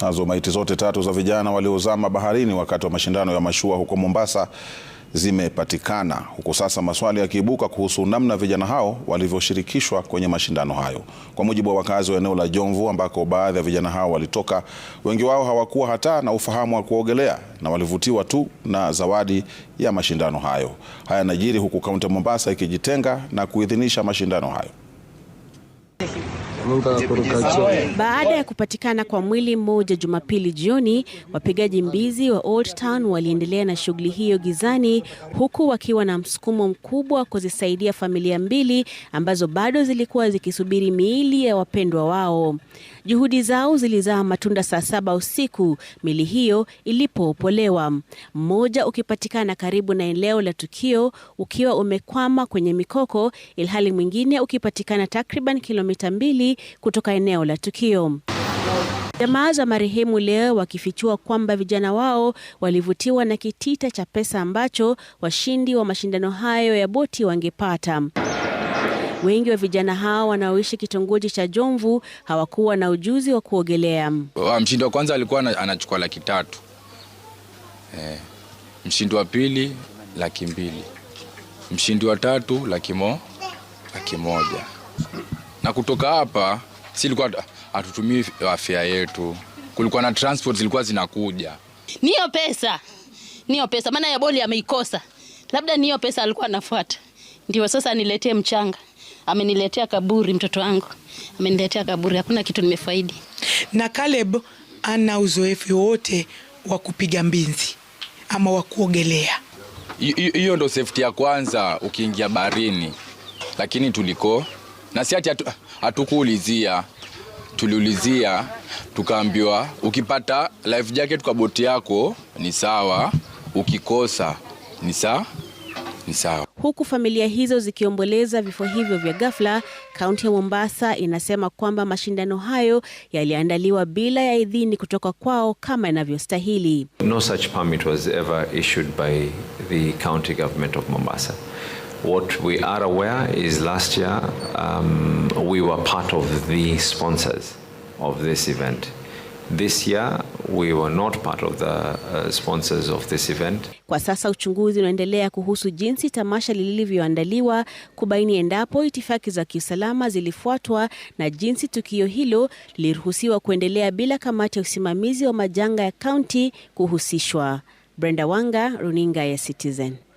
Nazo maiti zote tatu za vijana waliozama baharini wakati wa mashindano ya mashua huko Mombasa zimepatikana, huku sasa maswali yakiibuka kuhusu namna vijana hao walivyoshirikishwa kwenye mashindano hayo. Kwa mujibu wa wakazi wa eneo la Jomvu ambako baadhi ya vijana hao walitoka, wengi wao hawakuwa hata na ufahamu wa kuogelea na walivutiwa tu na zawadi ya mashindano hayo. Haya najiri huku kaunti ya Mombasa ikijitenga na kuidhinisha mashindano hayo. Baada ya kupatikana kwa mwili mmoja Jumapili jioni, wapigaji mbizi wa Old Town waliendelea na shughuli hiyo gizani, huku wakiwa na msukumo mkubwa wa kuzisaidia familia mbili ambazo bado zilikuwa zikisubiri miili ya wapendwa wao. Juhudi zao zilizaa matunda saa saba usiku mili hiyo ilipoopolewa, mmoja ukipatikana karibu na eneo la tukio ukiwa umekwama kwenye mikoko, ilhali mwingine ukipatikana takriban kilomita mbili kutoka eneo la tukio. Jamaa za marehemu leo wakifichua kwamba vijana wao walivutiwa na kitita cha pesa ambacho washindi wa mashindano hayo ya boti wangepata. Wengi wa vijana hao wanaoishi kitongoji cha Jomvu hawakuwa na ujuzi wa kuogelea. Ah, mshindi wa kwanza alikuwa anachukua laki tatu, e, mshindi wa pili laki mbili, mshindi wa tatu laki mo, laki moja na kutoka hapa, si ilikuwa hatutumii afya yetu, kulikuwa na transport zilikuwa zinakuja. Niyo pesa, niyo pesa, maana ya boli ameikosa, labda niyo pesa alikuwa anafuata. Ndio sasa niletee mchanga, ameniletea kaburi, mtoto wangu ameniletea kaburi, hakuna kitu nimefaidi. Na Caleb ana uzoefu wote wa kupiga mbinzi ama wa kuogelea. Hiyo ndo safety ya kwanza ukiingia barini, lakini tuliko na si ati hatukuulizia atu, tuliulizia tukaambiwa, ukipata life jacket kwa boti yako ni sawa, ukikosa ni sawa ni sawa. Huku familia hizo zikiomboleza vifo hivyo vya ghafla, kaunti ya Mombasa inasema kwamba mashindano hayo yaliandaliwa bila ya idhini kutoka kwao kama inavyostahili. No such permit was ever issued by the county government of Mombasa. What we are aware is last year um, we were part of the sponsors of this event. This year, we were not part of the, uh, sponsors of this event. Kwa sasa uchunguzi unaendelea kuhusu jinsi tamasha lilivyoandaliwa kubaini endapo itifaki za kiusalama zilifuatwa na jinsi tukio hilo liliruhusiwa kuendelea bila kamati ya usimamizi wa majanga ya kaunti kuhusishwa. Brenda Wanga, Runinga ya Citizen.